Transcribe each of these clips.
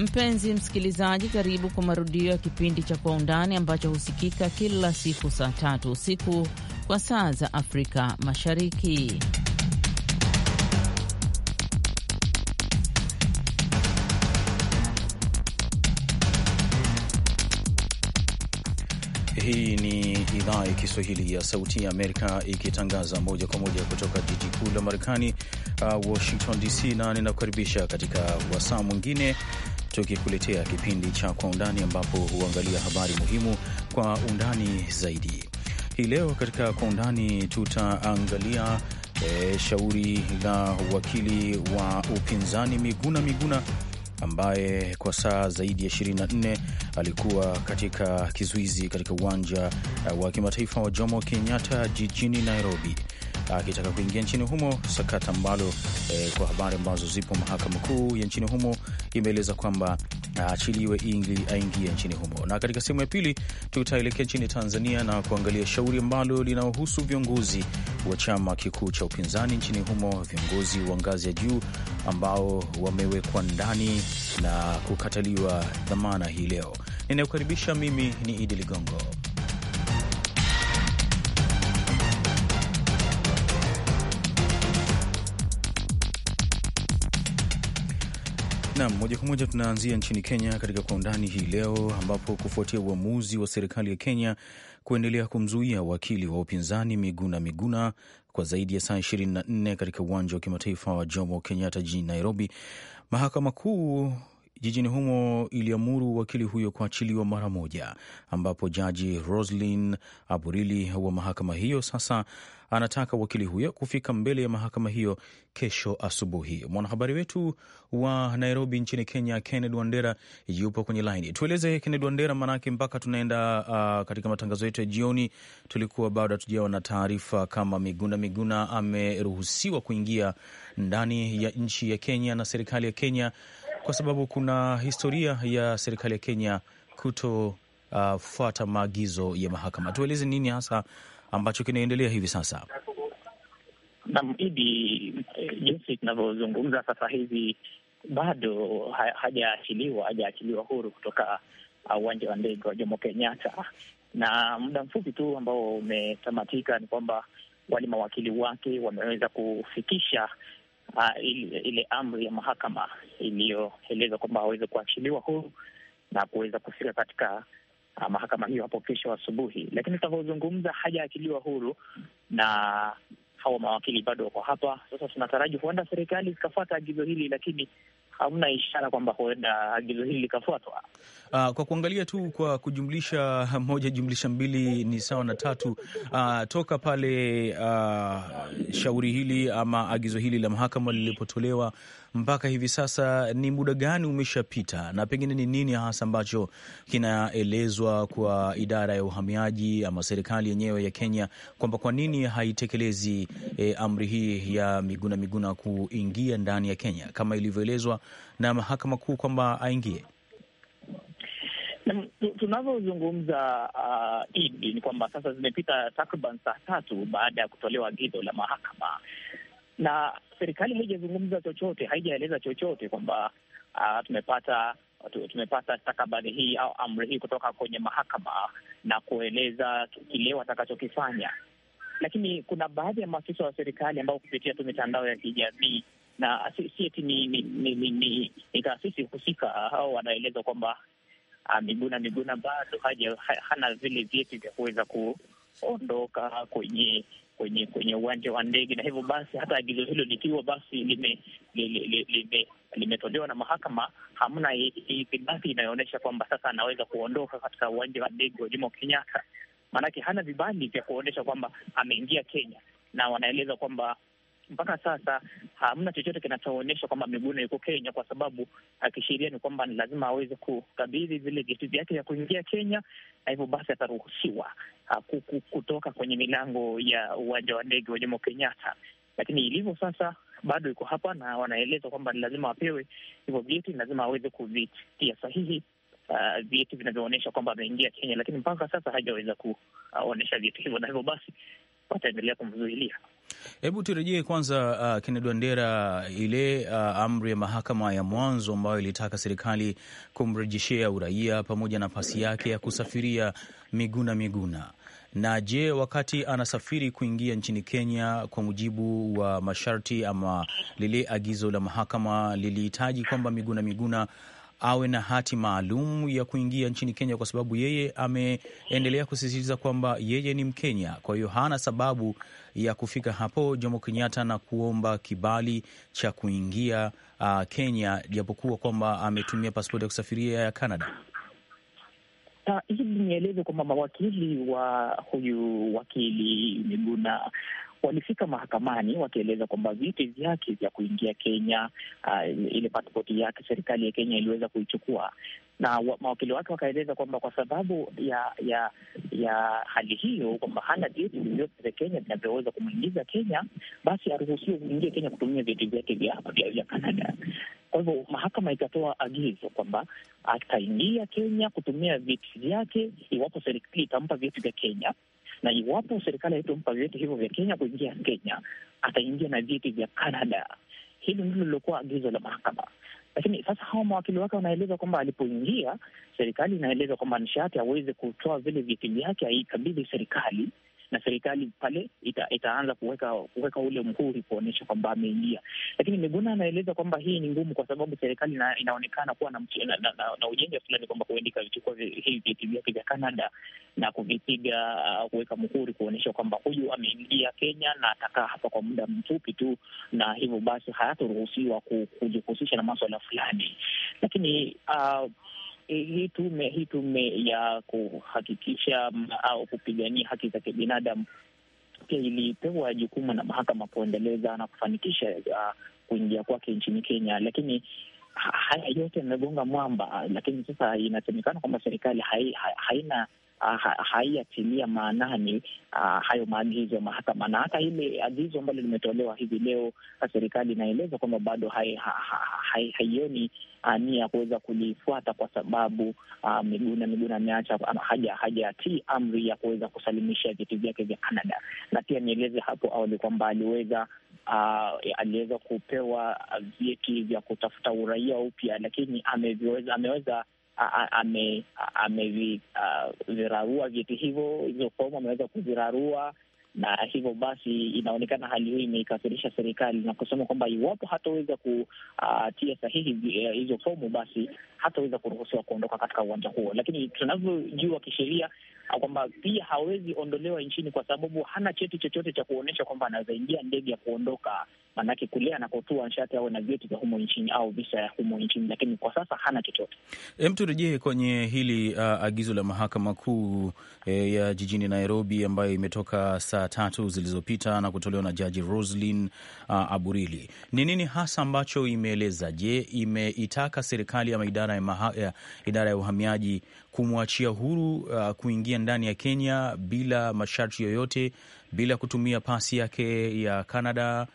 Mpenzi msikilizaji, karibu kwa marudio ya kipindi cha Kwa Undani ambacho husikika kila siku saa tatu usiku kwa saa za Afrika Mashariki. Hii ni idhaa ya Kiswahili ya Sauti ya Amerika ikitangaza moja kwa moja kutoka jiji kuu la Marekani, uh, Washington DC, na ninakukaribisha katika wasaa mwingine tukikuletea kipindi cha Kwa Undani ambapo huangalia habari muhimu kwa undani zaidi. Hii leo katika Kwa Undani tutaangalia e, shauri la wakili wa upinzani Miguna Miguna ambaye kwa saa zaidi ya 24 alikuwa katika kizuizi katika uwanja eh, wa kimataifa wa Jomo Kenyatta jijini Nairobi akitaka kuingia nchini humo, sakata ambalo eh, kwa habari ambazo zipo, mahakama kuu ya nchini humo imeeleza kwamba aachiliwe ili aingie nchini humo. Na katika sehemu ya pili tutaelekea nchini Tanzania na kuangalia shauri ambalo linaohusu viongozi wa chama kikuu cha upinzani nchini humo, viongozi wa ngazi ya juu ambao wamewekwa ndani na kukataliwa dhamana hii leo. ninayokaribisha mimi ni Idi Ligongo. Nam moja kwa moja tunaanzia nchini Kenya katika kwa undani hii leo, ambapo kufuatia uamuzi wa serikali ya Kenya kuendelea kumzuia wakili wa upinzani Miguna Miguna kwa zaidi ya saa 24 katika uwanja wa kimataifa wa Jomo Kenyatta jijini Nairobi, mahakama kuu jijini humo iliamuru wakili huyo kuachiliwa mara moja, ambapo jaji Roslin Aburili wa mahakama hiyo sasa anataka wakili huyo kufika mbele ya mahakama hiyo kesho asubuhi. Mwanahabari wetu wa Nairobi nchini Kenya, Kenneth Wandera, yupo kwenye laini. Tueleze Kenneth Wandera, maanake mpaka tunaenda uh, katika matangazo yetu ya jioni, tulikuwa bado hatujawa na taarifa kama Miguna Miguna ameruhusiwa kuingia ndani ya nchi ya Kenya na serikali ya Kenya kwa sababu kuna historia ya serikali ya Kenya kutofuata uh, maagizo ya mahakama. Tueleze nini hasa ambacho kinaendelea hivi sasa? Naam, Idi, eh, jinsi tunavyozungumza sasa hivi bado hajaachiliwa hajaachiliwa huru kutoka uh, uwanja uh, wa ndege wa Jomo Kenyatta, na muda mfupi tu ambao umetamatika ni kwamba wale mawakili wake wameweza kufikisha uh, ah, ile, ile amri ya mahakama iliyoeleza kwamba waweze kuachiliwa huru na kuweza kufika katika uh, mahakama hiyo hapo kesho asubuhi, lakini tutakaozungumza hajaachiliwa huru na hawa mawakili bado wako hapa. Sasa tunataraji huenda serikali zikafuata agizo hili, lakini hamna ishara kwamba huenda agizo hili likafuatwa. Uh, kwa kuangalia tu kwa kujumlisha moja jumlisha mbili ni sawa na tatu. Uh, toka pale uh, shauri hili ama agizo hili la mahakama lilipotolewa mpaka hivi sasa ni muda gani umeshapita, na pengine ni nini hasa ambacho kinaelezwa kwa idara ya uhamiaji ama serikali yenyewe ya Kenya kwamba kwa nini haitekelezi e, amri hii ya Miguna Miguna kuingia ndani ya Kenya kama ilivyoelezwa na mahakama kuu kwamba aingie? Tunavyozungumza uh, idi ni kwamba sasa zimepita takriban saa tatu baada ya kutolewa agizo la mahakama na serikali haijazungumza chochote, haijaeleza chochote kwamba uh, tumepata tumepata stakabadhi hii au amri hii kutoka kwenye mahakama na kueleza kile watakachokifanya. Lakini kuna baadhi ya maafisa wa serikali ambao kupitia tu mitandao ya kijamii na si eti ni, ni, ni, ni, ni, ni taasisi husika au wanaeleza kwamba ah, Miguna Miguna bado hana vile vyeti vya kuweza ondoka kwenye kwenye kwenye uwanja wa ndege, na hivyo basi hata agizo hilo likiwa basi lime limetolewa lime, lime na mahakama, hamna ithibati inayoonyesha kwamba sasa anaweza kuondoka katika uwanja wa ndege wa Jomo Kenyatta, maanake hana vibali vya kuonyesha kwamba ameingia Kenya, na wanaeleza kwamba mpaka sasa hamna chochote kinachoonyesha kwamba Miguna yuko Kenya, kwa sababu ah, kisheria ni kwamba ni lazima aweze kukabidhi vile vitu vyake vya kuingia Kenya, na hivyo basi ataruhusiwa ah, kutoka kwenye milango ya uwanja wa ndege wa Jomo Kenyatta. Lakini ilivyo sasa bado iko hapa, na wanaeleza kwamba ni lazima apewe hivyo vyeti, ni lazima aweze kuvitia sahihi Uh, vyeti vinavyoonyesha kwamba ameingia Kenya, lakini mpaka sasa hajaweza kuonyesha vyeti hivyo, na hivyo basi wataendelea kumzuilia. Hebu turejee kwanza, uh, Kennedy Wandera, ile uh, amri ya mahakama ya mwanzo ambayo ilitaka serikali kumrejeshea uraia pamoja na pasi yake ya kusafiria Miguna Miguna na je, wakati anasafiri kuingia nchini Kenya kwa mujibu wa masharti ama lile agizo la mahakama lilihitaji kwamba Miguna Miguna awe na hati maalum ya kuingia nchini Kenya, kwa sababu yeye ameendelea kusisitiza kwamba yeye ni Mkenya, kwa hiyo hana sababu ya kufika hapo Jomo Kenyatta na kuomba kibali cha kuingia uh, Kenya, japokuwa kwamba ametumia pasipoti ya kusafiria ya Canada. Ah, Hivi nieleze kwamba mawakili wa huyu wakili Miguna walifika mahakamani wakieleza kwamba vyeti vyake vya kuingia Kenya, uh, ile pasipoti yake serikali ya Kenya iliweza kuichukua na mawakili wake wakaeleza kwamba kwa sababu ya ya ya hali hiyo, kwamba hana vyeti vyovyote vya Kenya vinavyoweza kumwingiza Kenya, basi aruhusiwe kuingia Kenya kutumia vyeti vyake vya Kanada. Kwa hivyo mahakama ikatoa agizo kwamba ataingia Kenya kutumia vyeti vyake iwapo serikali itampa vyeti vya Kenya na iwapo serikali haitompa vyeti hivyo vya Kenya kuingia Kenya, ataingia na vyeti vya Canada. hili ndilo lilokuwa agizo la mahakama. Lakini sasa hawa mawakili wake wanaeleza kwamba alipoingia, serikali inaeleza kwamba nishati aweze kutoa vile vyeti vyake, aikabidhi serikali na serikali pale ita, itaanza kuweka kuweka ule mhuri kuonyesha kwamba ameingia. Lakini Miguna anaeleza kwamba hii ni ngumu kwa sababu serikali na, inaonekana kuwa na, na, na, na ujenja fulani kwamba kuendika vichukua hivi vyeti vyake vya Canada na kuvipiga uh, kuweka mhuri kuonyesha kwamba huyu ameingia Kenya na atakaa hapa kwa muda mfupi tu, na hivyo basi hayatoruhusiwa kujihusisha na maswala fulani, lakini uh, E, hii tume hii tume ya kuhakikisha au kupigania haki za kibinadamu pia ilipewa jukumu na mahakama kuendeleza na kufanikisha uh, kuingia kwake nchini Kenya, lakini haya yote yamegonga mwamba. Lakini sasa inasemekana kwamba serikali hai, haina haiatilia maanani uh, hayo maagizo ya mahakama, na hata ile agizo ambalo limetolewa hivi leo, serikali inaeleza kwamba bado haioni hai, hai, Uh, nia ya kuweza kulifuata kwa sababu uh, Miguna Miguna ameacha haja hajatii amri ya kuweza kusalimisha vyeti vyake vya Canada, na pia nieleze hapo awali kwamba aliweza Uh, aliweza kupewa vyeti vya kutafuta uraia upya, lakini ameweza ameweza amevirarua ame, ame, uh, vyeti hivyo, hizo fomu ameweza kuvirarua na hivyo basi inaonekana hali hiyo imeikasirisha serikali na kusema kwamba iwapo hataweza kutia sahihi eh, hizo fomu, basi hataweza kuruhusiwa kuondoka katika uwanja huo. Lakini tunavyojua kisheria, kwamba pia hawezi ondolewa nchini kwa sababu hana cheti chochote cha kuonyesha kwamba anaweza ingia ndege ya kuondoka, maanake kule anakotua nshati awe na vyeti vya humo nchini au visa ya humo nchini, lakini kwa sasa hana chochote. Hem, turejee kwenye hili uh, agizo la mahakama kuu eh, ya jijini Nairobi ambayo imetoka saa tatu zilizopita na kutolewa na jaji Roslin uh, Aburili. Ni nini hasa ambacho imeeleza? Je, imeitaka serikali ama idara ya, idara ya uhamiaji kumwachia huru uh, kuingia ndani ya Kenya bila masharti yoyote, bila kutumia pasi yake ya Canada,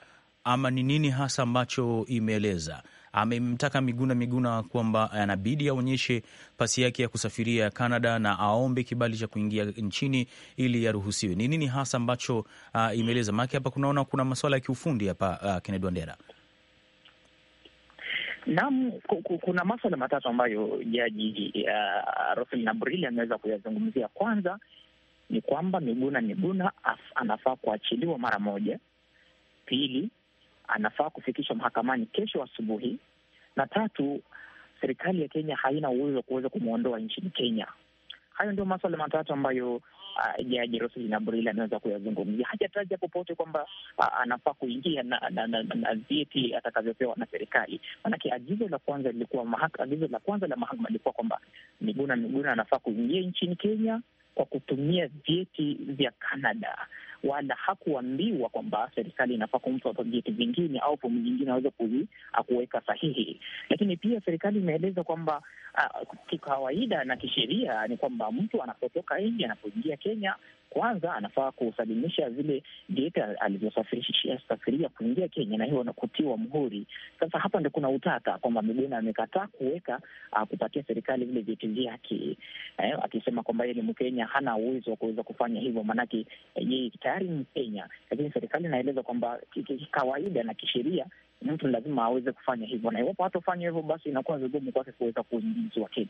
ama ni nini hasa ambacho imeeleza? Amemtaka Miguna Miguna kwamba anabidi aonyeshe pasi yake ya kusafiria ya Canada na aombe kibali cha kuingia nchini ili yaruhusiwe. Ni nini hasa ambacho uh, imeeleza? Maanake hapa kunaona kuna masuala ya kiufundi hapa, uh, Kennedy Wandera. Naam, kuna maswala matatu ambayo jaji uh, Roselyne Abrili ameweza kuyazungumzia. Kwanza ni kwamba Miguna Miguna anafaa kuachiliwa mara moja. Pili, anafaa kufikishwa mahakamani kesho asubuhi, na tatu, serikali ya Kenya haina uwezo wa kuweza kumwondoa nchini Kenya. Hayo ndio maswala matatu ambayo uh, ah, Jaji Roselyn Abril anaweza kuyazungumzia. Hajataja popote kwamba ah, anafaa kuingia na, na, na, na vyeti atakavyopewa na serikali, maanake agizo la kwanza lilikuwa agizo la kwanza la mahakama lilikuwa kwamba Miguna Miguna anafaa kuingia nchini Kenya kwa kutumia vyeti vya Canada wala hakuambiwa kwamba serikali inafaa kumpa vyeti vingine au fomu nyingine aweze kuweka sahihi. Lakini pia serikali imeeleza kwamba uh, kikawaida na kisheria ni kwamba mtu anapotoka nje, anapoingia Kenya kwanza anafaa kusalimisha zile dieta alizosafiria kuingia Kenya na hiyo kutiwa mhuri. Sasa hapa ndo kuna utata kwamba Miguna amekataa kuweka uh, kupatia serikali vile vyeti vyake eh, akisema kwamba yeye ni Mkenya, hana uwezo wa kuweza kufanya hivyo, maanake eh, yeye tayari ni Mkenya. Lakini serikali inaeleza kwamba kawaida na kisheria mtu lazima aweze kufanya hivyo, na iwapo hatofanya hivyo, basi inakuwa vigumu kwake kuweza kuingizwa Kenya.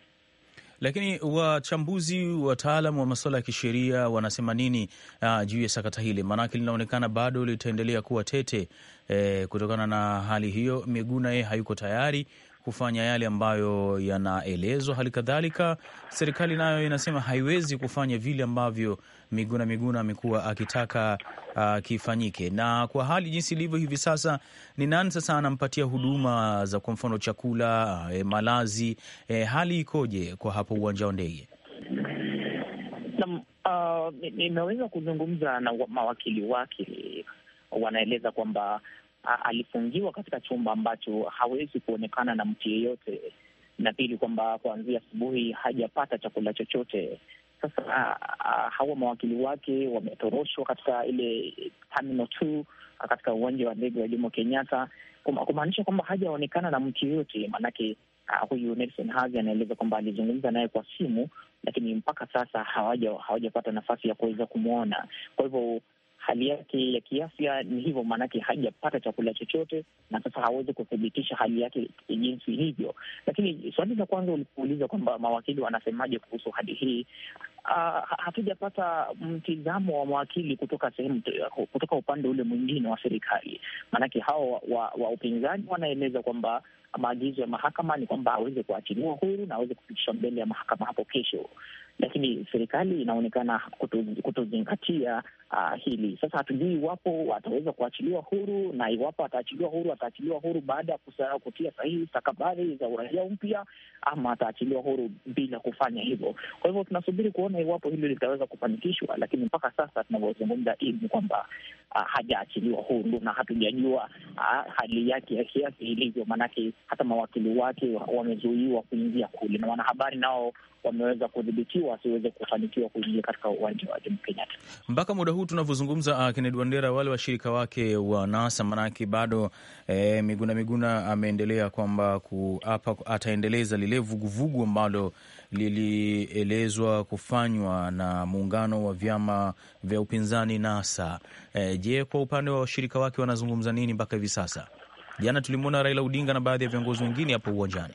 Lakini wachambuzi, wataalam wa masuala ya kisheria wanasema nini uh, juu ya sakata hili? Maanake linaonekana bado litaendelea kuwa tete eh, kutokana na hali hiyo. Miguna yeye hayuko tayari kufanya yale ambayo yanaelezwa. Hali kadhalika serikali nayo inasema haiwezi kufanya vile ambavyo Miguna Miguna amekuwa akitaka uh, kifanyike. Na kwa hali jinsi ilivyo hivi sasa, ni nani sasa anampatia huduma za kwa mfano chakula, e, malazi, E, hali ikoje kwa hapo uwanja wa ndege? Ah, nimeweza uh, kuzungumza na mawakili wake, wanaeleza kwamba alifungiwa katika chumba ambacho hawezi kuonekana na mtu yeyote, na pili kwamba kuanzia asubuhi hajapata chakula chochote. Sasa hawa mawakili wake wametoroshwa katika ile terminal two katika uwanja wa ndege wa Jomo Kenyatta, kumaanisha kwamba hajaonekana na mtu yeyote. Maanake uh, huyu Nelson Havi anaeleza kwamba alizungumza naye kwa simu, lakini mpaka sasa hawajapata hawaja nafasi ya kuweza kumwona. Kwa hivyo hali yake ya kiafya ni hivyo, maanake hajapata chakula chochote, na sasa hawezi kuthibitisha hali yake jinsi hivyo. Lakini swali la kwanza ulipouliza kwamba mawakili wanasemaje kuhusu hali hii, uh, hatujapata mtizamo wa mawakili kutoka sehemu, kutoka upande ule mwingine wa serikali, maanake hao wa, wa, wa upinzani wanaeleza kwamba maagizo ya mahakama ni kwamba aweze kuachiliwa huru na aweze kufikishwa mbele ya mahakama hapo kesho, lakini serikali inaonekana kutozingatia uh, hili. Sasa hatujui iwapo wataweza kuachiliwa huru, na iwapo ataachiliwa huru, ataachiliwa huru baada ya kutia sahihi stakabadhi za uraia mpya, ama ataachiliwa huru bila kufanya hivyo. Kwa hivyo tunasubiri kuona iwapo hili litaweza kufanikishwa, lakini mpaka sasa tunavyozungumza ni kwamba uh, hajaachiliwa huru na hatujajua uh, hali yake ya kiasi ilivyo, maanake hata mawakili wake wamezuiwa kuingia kule na wanahabari nao wameweza kudhibitiwa asiweze kufanikiwa kuingia katika uwanja wa Jomo Kenyatta. Mpaka muda huu tunavyozungumza, uh, Kennedy Wandera, wale washirika wake wa NASA manake bado eh, Miguna Miguna ameendelea kwamba kuapa ataendeleza lile vuguvugu ambalo lilielezwa kufanywa na muungano wa vyama vya upinzani NASA. Eh, je, kwa upande wa washirika wake wanazungumza nini mpaka hivi sasa? Jana tulimwona Raila Odinga na baadhi ya viongozi wengine hapo uwanjani.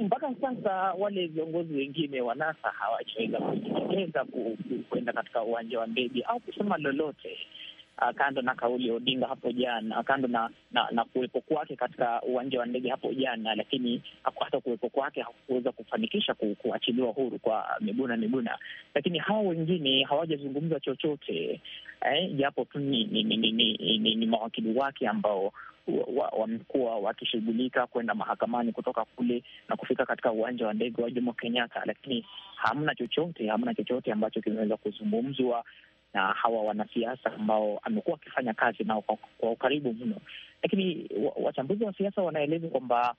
mpaka sasa wale viongozi wengine wa NASA hawajaweza kujitokeza kuenda katika uwanja wa ndege au kusema lolote, ah, kando na kauli ya Odinga hapo jana, kando na na, na kuwepo kwake katika uwanja wa ndege hapo jana, lakini hata kuwepo kwake hakuweza kufanikisha ku, kuachiliwa huru kwa Miguna Miguna. Lakini hawa wengine hawajazungumza chochote eh, japo tu ni, ni, ni, ni, ni, ni, ni mawakili wake ambao wamekuwa wakishughulika kwenda mahakamani kutoka kule na kufika katika uwanja wa ndege wa Jomo Kenyatta, lakini hamna chochote, hamna chochote ambacho kimeweza kuzungumzwa na hawa wanasiasa ambao amekuwa akifanya kazi nao kwa ukaribu mno. Lakini wachambuzi wa siasa wanaeleza kwamba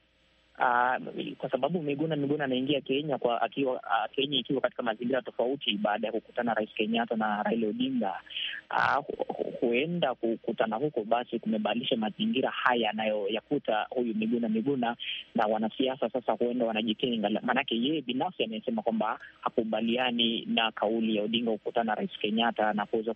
Ah, kwa sababu Miguna Miguna anaingia Kenya kwa akiwa uh, Kenya ikiwa katika mazingira tofauti baada ya kukutana Rais Kenyatta na Raila Odinga. Uh, huenda kukutana huko basi kumebadilisha mazingira haya anayoyakuta huyu Miguna Miguna, na wanasiasa sasa huenda wanajitenga, maanake yeye binafsi amesema kwamba hakubaliani na kauli ya Odinga kukutana na Rais Kenyatta na kuweza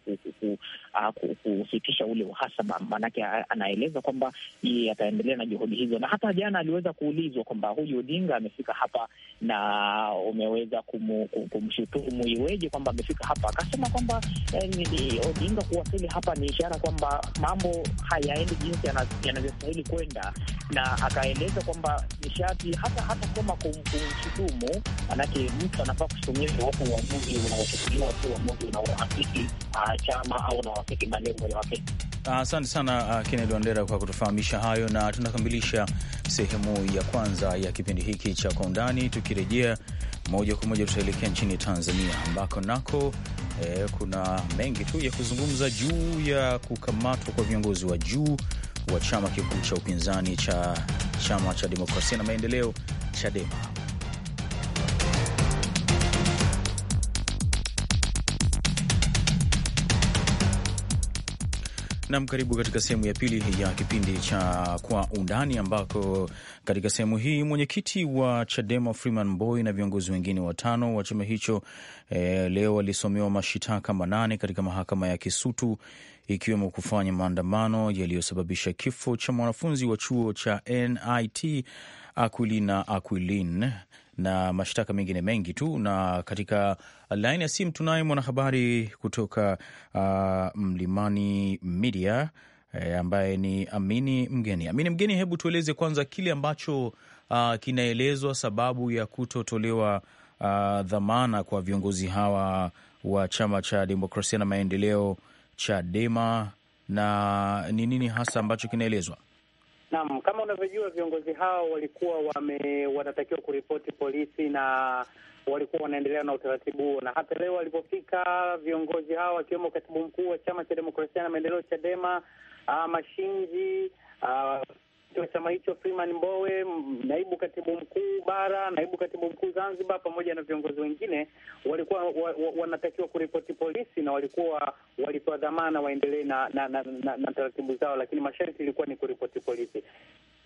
kusitisha ule uhasama, maanake anaeleza kwamba yeye ataendelea na juhudi hizo, na hata jana aliweza kuuliza kuulizwa kwamba huyu Odinga amefika hapa na umeweza kumshutumu iweje kwamba amefika hapa, akasema kwamba eh, Odinga kuwasili hapa ni ishara kwamba mambo hayaendi jinsi yanavyostahili kwenda, na akaeleza kwamba nishati hata hata kama kumshutumu, manake mtu anafaa kushutumia iwapo uamuzi unaochukuliwa si uamuzi unaoafiki ah, chama au unaoafiki malengo ya Wakenya. Ah, asante uh, sana uh, Kennedy Wandera kwa kutufahamisha hayo, na tunakamilisha sehemu ya kwanza ya kipindi hiki cha Kwa Undani. Tukirejea moja kwa moja, tutaelekea nchini Tanzania ambako nako eh, kuna mengi tu ya kuzungumza juu ya kukamatwa kwa viongozi wa juu wa chama kikuu cha upinzani cha Chama cha Demokrasia na Maendeleo, CHADEMA. Nam, karibu katika sehemu ya pili ya kipindi cha Kwa Undani, ambako katika sehemu hii mwenyekiti wa Chadema Freeman Mbowe na viongozi wengine watano wa chama hicho e, leo walisomewa mashitaka manane katika mahakama ya Kisutu ikiwemo kufanya maandamano yaliyosababisha kifo cha mwanafunzi wa chuo cha NIT Aquilina Aquilin na mashtaka mengine mengi tu. Na katika laini ya simu tunaye mwanahabari kutoka uh, Mlimani Media eh, ambaye ni Amini Mgeni. Amini Mgeni, hebu tueleze kwanza kile ambacho uh, kinaelezwa sababu ya kutotolewa uh, dhamana kwa viongozi hawa wa chama cha demokrasia na maendeleo Chadema, na ni nini hasa ambacho kinaelezwa? Naam, kama unavyojua viongozi hao walikuwa wame, wanatakiwa kuripoti polisi na walikuwa wanaendelea na utaratibu huo, na hata leo walipofika viongozi hao wakiwemo katibu mkuu wa chama cha demokrasia na maendeleo Chadema, uh, Mashinji uh, wa chama hicho Freeman Mbowe, naibu katibu mkuu bara, naibu katibu mkuu Zanzibar, pamoja na viongozi wengine walikuwa wa, wa, wanatakiwa kuripoti polisi na walikuwa walitoa dhamana waendelee na, na, na, na, na taratibu zao, lakini masharti ilikuwa ni kuripoti polisi.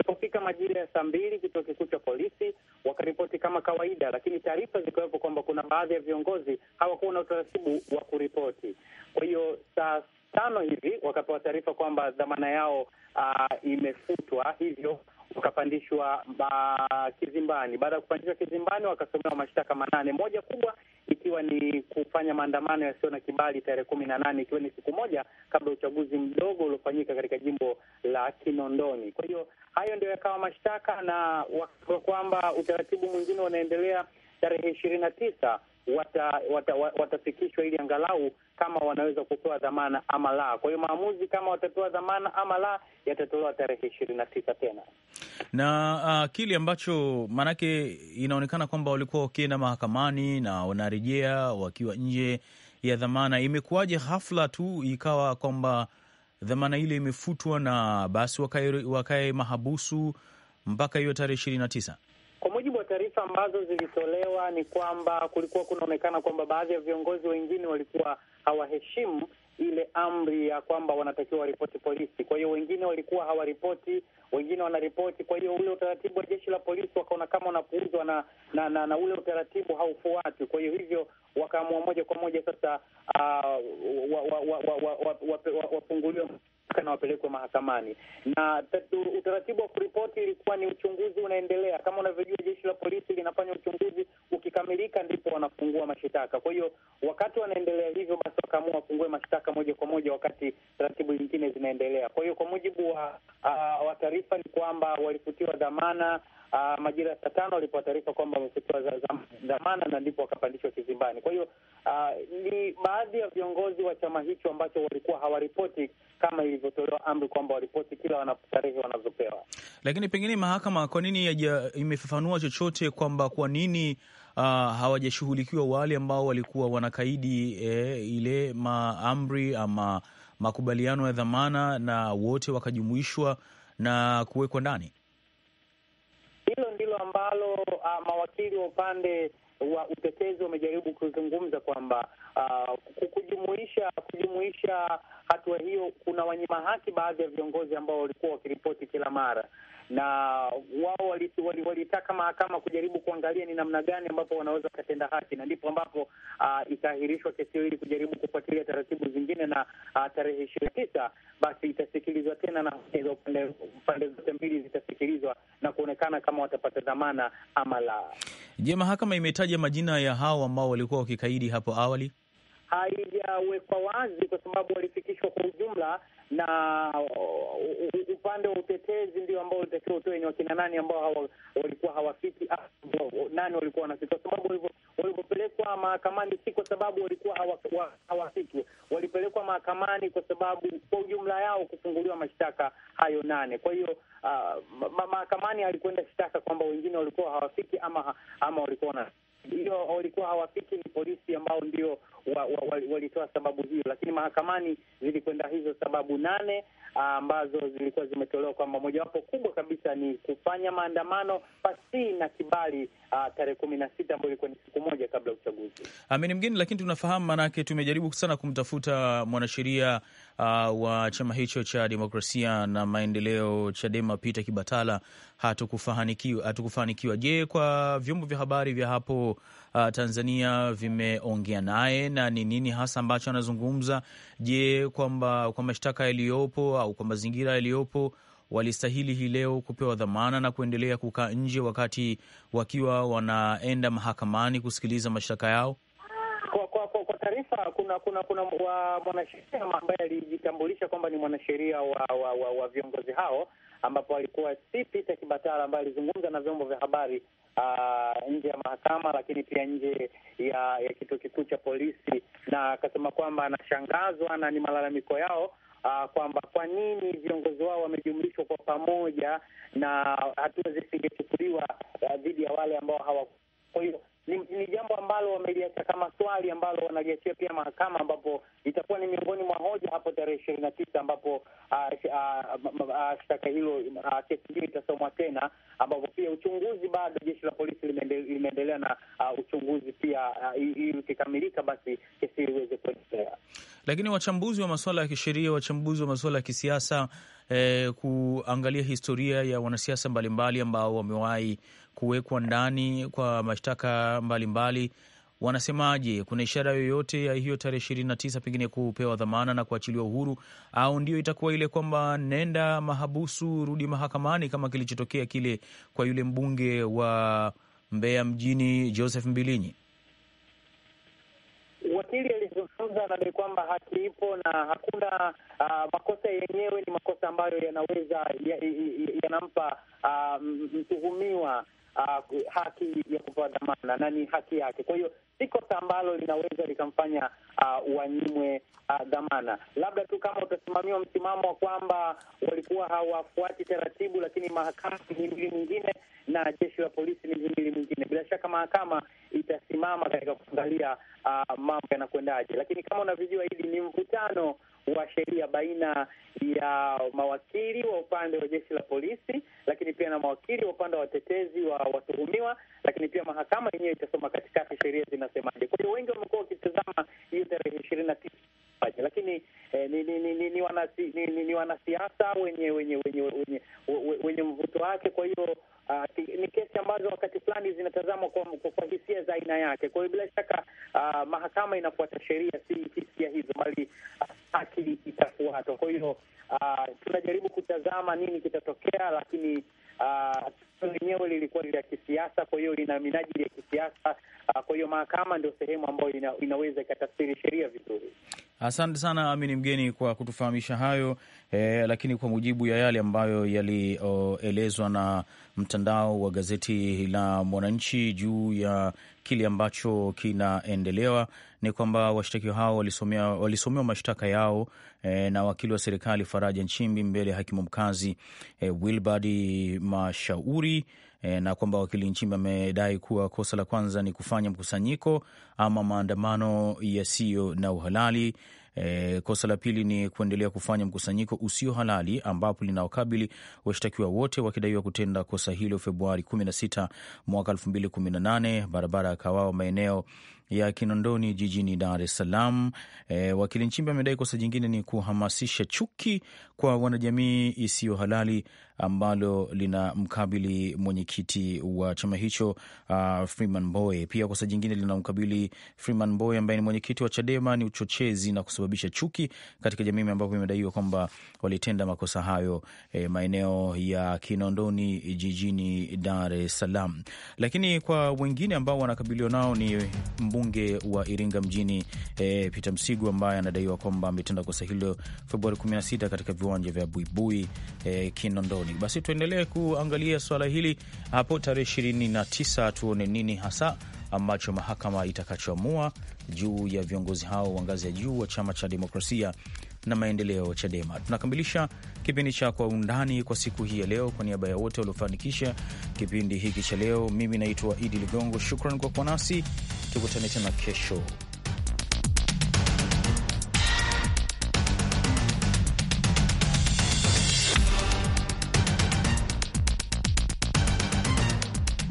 Kufika majira ya saa mbili, kituo kikuu cha polisi wakaripoti kama kawaida, lakini taarifa zikawepo kwamba kuna baadhi ya viongozi hawakuwa na utaratibu wa kuripoti. Kwa hiyo saa tano hivi wakapewa taarifa kwamba dhamana yao uh, imefutwa, hivyo wakapandishwa kizimbani. Baada ya kupandishwa kizimbani, wakasomewa mashtaka manane, moja kubwa ikiwa ni kufanya maandamano yasiyo na kibali tarehe kumi na nane ikiwa ni siku moja kabla ya uchaguzi mdogo uliofanyika katika jimbo la Kinondoni. Kwa hiyo hayo ndio yakawa mashtaka, na wakasema kwamba utaratibu mwingine unaendelea tarehe ishirini na tisa watafikishwa wata, wata ili angalau kama wanaweza kupewa dhamana ama la. Kwa hiyo maamuzi kama watapewa dhamana ama la yatatolewa tarehe ishirini na tisa tena na uh, kile ambacho maanake inaonekana kwamba walikuwa wakienda mahakamani na wanarejea wakiwa nje ya dhamana. Imekuwaje hafla tu ikawa kwamba dhamana ile imefutwa na basi wakae mahabusu mpaka hiyo tarehe ishirini na tisa? ambazo zilitolewa ni kwamba kulikuwa kunaonekana kwamba baadhi ya viongozi wengine walikuwa hawaheshimu ile amri ya kwamba wanatakiwa waripoti polisi. Kwa hiyo wengine walikuwa hawaripoti, wengine wanaripoti. Kwa hiyo ule utaratibu wa jeshi la polisi wakaona kama unapuuzwa na na, na na ule utaratibu haufuati. Kwa hiyo hivyo wakaamua moja kwa moja sasa wafunguliwe uh, wa, wa, wa, wa, wa, wa, wa, wa, wa, wa, wa, na wapelekwe mahakamani. Na tatu, utaratibu wa kuripoti ilikuwa ni uchunguzi unaendelea. Kama unavyojua, jeshi la polisi linafanya uchunguzi, ukikamilika ndipo wanafungua mashitaka. Kwa hiyo wakati wanaendelea hivyo, basi wakaamua wafungue mashtaka moja kwa moja wakati taratibu nyingine zinaendelea. Kwa hiyo kwa mujibu wa, uh, wa taarifa ni kwamba walifutiwa dhamana uh, majira ya saa tano alipewa taarifa kwamba amefutiwa dhamana na ndipo akapandishwa kizimbani. Kwa hiyo uh, ni baadhi ya viongozi wa chama hicho ambacho walikuwa hawaripoti kama ilivyotolewa amri kwamba waripoti kila wanapotarehe wanazopewa. Lakini pengine mahakama kwa nini imefafanua chochote kwamba kwa nini Uh, hawajashughulikiwa wale ambao walikuwa wanakaidi eh, ile maamri ama makubaliano ya dhamana na wote wakajumuishwa na kuwekwa ndani ambalo uh, ah, mawakili wa upande wa utetezi wamejaribu kuzungumza kwamba uh, kujumuisha kujumuisha hatua hiyo kuna wanyima haki baadhi ya viongozi ambao walikuwa wakiripoti kila mara, na wao walitaka wali, wali mahakama kujaribu kuangalia ni namna gani ambapo wanaweza wakatenda haki, na ndipo ambapo uh, ikaahirishwa kesi hiyo ili kujaribu kufuatilia taratibu zingine, na uh, tarehe ishirini na tisa basi itasikilizwa tena na pande zote mbili zitasikilizwa na kuonekana kama watapata dhamana ama la. Je, mahakama imetaja majina ya hao ambao walikuwa wakikaidi hapo awali? haijawekwa wazi, kwa sababu walifikishwa kwa ujumla, na upande wa utetezi ndio ambao ulitakiwa utoe ni wakina nani ambao hawa, walikuwa hawafiki ah, nani walikuwa wanafiki, kwa sababu walivyopelekwa mahakamani si kwa sababu walikuwa hawafiki hawa, walipelekwa mahakamani kwa sababu kwa ujumla yao kufunguliwa mashtaka hayo nane. Kwa hiyo uh, mahakamani alikwenda shtaka kwamba wengine walikuwa hawafiki ama ama walikuwa wanafiki ndio walikuwa hawafiki, ni polisi ambao ndio wa, wa, wa, walitoa sababu hiyo, lakini mahakamani zilikwenda hizo sababu nane ah, ambazo zilikuwa zimetolewa kwamba mojawapo kubwa kabisa ni kufanya maandamano pasi na kibali ah, tarehe kumi na sita ambayo ilikuwa ni siku moja kabla ya uchaguzi. Amini mgeni, lakini tunafahamu, maanake tumejaribu sana kumtafuta mwanasheria uh, wa chama hicho cha demokrasia na maendeleo Chadema, Peter Kibatala hatukufanikiwa. Hatukufanikiwa. Je, kwa vyombo vya habari vya hapo uh, Tanzania vimeongea naye na ni nini hasa ambacho anazungumza? Je, kwamba kwa mashtaka yaliyopo au kwa mazingira yaliyopo walistahili hii leo kupewa dhamana na kuendelea kukaa nje wakati wakiwa wanaenda mahakamani kusikiliza mashtaka yao? kuna kuna wa mwanasheria ambaye alijitambulisha kwamba ni mwanasheria wa, wa, wa, wa viongozi hao ambapo alikuwa si Peter Kibatala ambaye alizungumza na vyombo vya habari uh, nje ya mahakama, lakini pia nje ya, ya kituo kikuu cha polisi, na akasema kwamba anashangazwa na ni malalamiko yao uh, kwamba kwa nini viongozi wao wamejumlishwa kwa pamoja na hatua zisingechukuliwa ah, dhidi uh, ya wale ambao hawa. Kwa hiyo ni, ni jambo ambalo wameliacha kama swali ambalo wanaliachia pia mahakama, ambapo itakuwa ni miongoni mwa hoja hapo tarehe ishirini na tisa ambapo ah, ah, ah, shtaka hilo, kesi hiyo itasomwa tena, ambapo pia uchunguzi bado jeshi la polisi limeendelea na uh, uchunguzi pia ili ikikamilika, basi kesi hiyo iweze kuendelea. Lakini wachambuzi wa masuala ya kisheria, wachambuzi wa masuala ya kisiasa eh, kuangalia historia ya wanasiasa mbalimbali ambao wamewahi kuwekwa ndani kwa mashtaka mbalimbali, wanasemaje? Kuna ishara yoyote ya hiyo tarehe ishirini na tisa pengine kupewa dhamana na kuachiliwa uhuru, au ndio itakuwa ile kwamba nenda mahabusu rudi mahakamani, kama kilichotokea kile kwa yule mbunge wa Mbeya mjini Joseph Mbilinyi? Wakili alizungumza ni kwamba haki ipo na hakuna uh, makosa yenyewe ni makosa ambayo yanaweza yanampa ya, ya uh, mtuhumiwa uh, haki ya kupewa dhamana na ni haki yake. Kwa hiyo si kosa ambalo linaweza likamfanya uh, wanyimwe uh, dhamana, labda tu kama utasimamiwa msimamo wa kwamba walikuwa hawafuati taratibu, lakini mahakama ni mhimili mwingine na jeshi la polisi ni mhimili mwingine. Bila shaka mahakama itasimama katika kuangalia uh, mambo yanakwendaje, lakini kama unavyojua hili ni mvutano wa sheria baina ya mawakili wa upande wa jeshi la polisi, lakini pia na mawakili wa upande wa watetezi wa watuhumiwa, lakini pia mahakama yenyewe itasoma katikati sheria zinasemaje. Kwa hiyo wengi wamekuwa wakitazama hiyo tarehe ishirini na tisa lakini eh, ni, ni, ni, ni, wanasi, ni, ni, ni wanasiasa wenye wenye wenye wenye, wenye mvuto wake. Kwa hiyo uh, ni kesi ambazo wakati fulani zinatazamwa kwa, kwa hisia za aina yake. Kwa hiyo bila shaka uh, mahakama inafuata sheria, si hisia hizo bali uh, akili hata. Kwa hiyo uh, tunajaribu kutazama nini kitatokea, lakini uh, lenyewe lilikuwa la kisiasa, kwa hiyo lina minajili ya kisiasa. Ah, kwa hiyo mahakama ndio sehemu ambayo ina, inaweza ikatafsiri sheria vizuri. Asante sana Amini Mgeni kwa kutufahamisha hayo eh, lakini kwa mujibu ya yale ambayo yalielezwa na mtandao wa gazeti la Mwananchi juu ya kile ambacho kinaendelewa ni kwamba washtakiwa hao walisomewa mashtaka yao e, na wakili wa serikali Faraja Nchimbi mbele ya hakimu mkazi e, Wilbard Mashauri e, na kwamba wakili Nchimbi amedai kuwa kosa la kwanza ni kufanya mkusanyiko ama maandamano yasiyo na uhalali. E, kosa la pili ni kuendelea kufanya mkusanyiko usio halali ambapo linawakabili washtakiwa wote wakidaiwa kutenda kosa hilo Februari 16 mwaka 2018, barabara ya Kawao maeneo ya Kinondoni jijini Dar es Salaam. E, wakili Nchimbi amedai kosa jingine ni kuhamasisha chuki kwa wanajamii isiyo halali ambalo lina mkabili mwenyekiti wa chama hicho uh, Freeman Mbowe. Pia kosa jingine lina mkabili Freeman Mbowe ambaye ni mwenyekiti wa Chadema ni uchochezi na kusababisha chuki katika jamii, ambapo imedaiwa kwamba walitenda makosa hayo eh, maeneo ya Kinondoni jijini Dar es Salaam. Lakini kwa wengine ambao wanakabiliwa nao ni mbu mbunge wa Iringa mjini e, Peter Msigu ambaye anadaiwa kwamba ametenda kosa hilo Februari 16 katika viwanja vya Buibui e, Kinondoni. Basi tuendelee kuangalia swala hili hapo tarehe 29, tuone nini hasa ambacho mahakama itakachoamua juu ya viongozi hao wa ngazi ya juu wa chama cha demokrasia na maendeleo CHADEMA. Tunakamilisha kipindi cha Kwa Undani kwa siku hii ya leo. Kwa niaba ya wote waliofanikisha kipindi hiki cha leo, mimi naitwa Idi Ligongo. Shukran kwa kuwa nasi, tukutane tena kesho.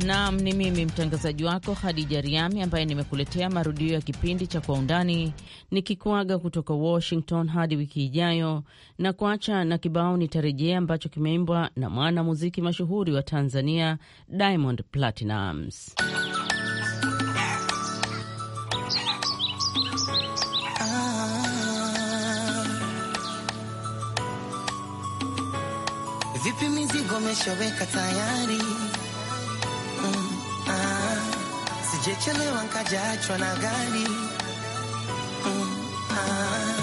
Naam, ni mimi mtangazaji wako Hadija Riami ambaye nimekuletea marudio ya kipindi cha Kwa Undani nikikuaga kutoka Washington hadi wiki ijayo, na kuacha na kibao nitarejea ambacho kimeimbwa na mwana muziki mashuhuri wa Tanzania Diamond Platinums. Ah. Vipi mizigo tayari Nijechelewa nkajaachwa na gari mm, ah.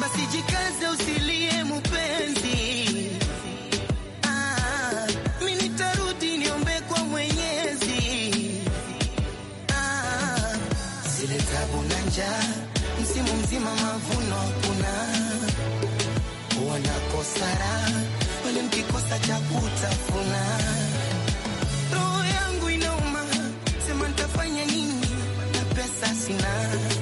Basi jikaze usilie mupenzi ah, mi Mwenyezi ah, zile msimu mzima mavuno hakuna, wanakosa raha wale mkikosa cha kutafuna sin nada.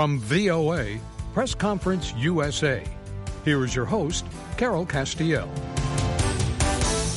From VOA, Press Conference USA, here is your host, Carol Castiel.